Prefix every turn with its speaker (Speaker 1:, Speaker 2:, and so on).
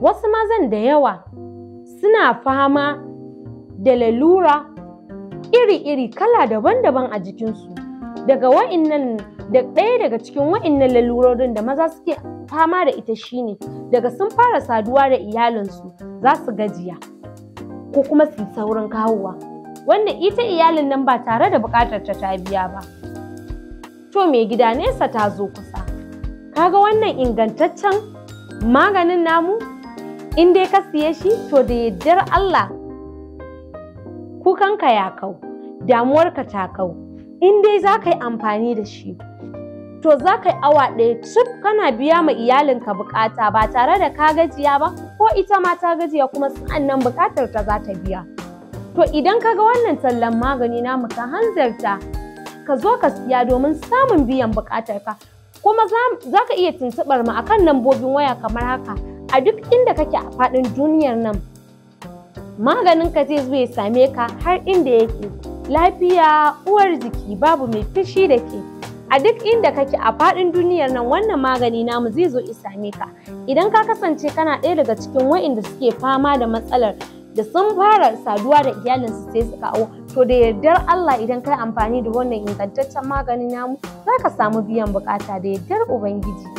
Speaker 1: Wasu mazan da yawa suna fama da lalura iri-iri kala daban-daban a jikinsu. Daga wa'innan da ɗaya daga cikin wa'innan lalurorin da maza suke fama da ita shine daga sun fara saduwa da iyalinsu za su gajiya ko kuma su saurin kawowa. Wanda ita iyalin nan ba tare da buƙatar ta ta biya ba. To mai gida nesa ta zo kusa. Kaga wannan ingantaccen maganin namu in dai ka siye shi to da yardar Allah kukanka ya kau damuwarka ta kau in dai za ka yi amfani da shi to za ka yi awa ɗaya cif kana biya ma iyalinka bukata ba tare da ka gajiya ba ko ita ma ta gajiya kuma sa'annan bukatar ta za ta biya to idan ka ga wannan tallan magani namu ka hanzarta ka zo ka siya domin samun biyan bukatarka kuma za ka iya tuntuɓar mu akan lambobin waya kamar haka a duk inda kake a faɗin duniyar nan maganin ka zai zo ya same ka har inda yake lafiya uwar jiki babu mai fushi da ke a duk inda kake a faɗin duniyar nan wannan magani namu zai zo ya same ka idan ka kasance kana ɗaya daga cikin wa'inda suke fama da matsalar da sun fara saduwa da iyalinsu sai su kawo to da yardar Allah idan kai amfani da wannan ingantaccen magani namu za ka samu biyan bukata da yardar Ubangiji.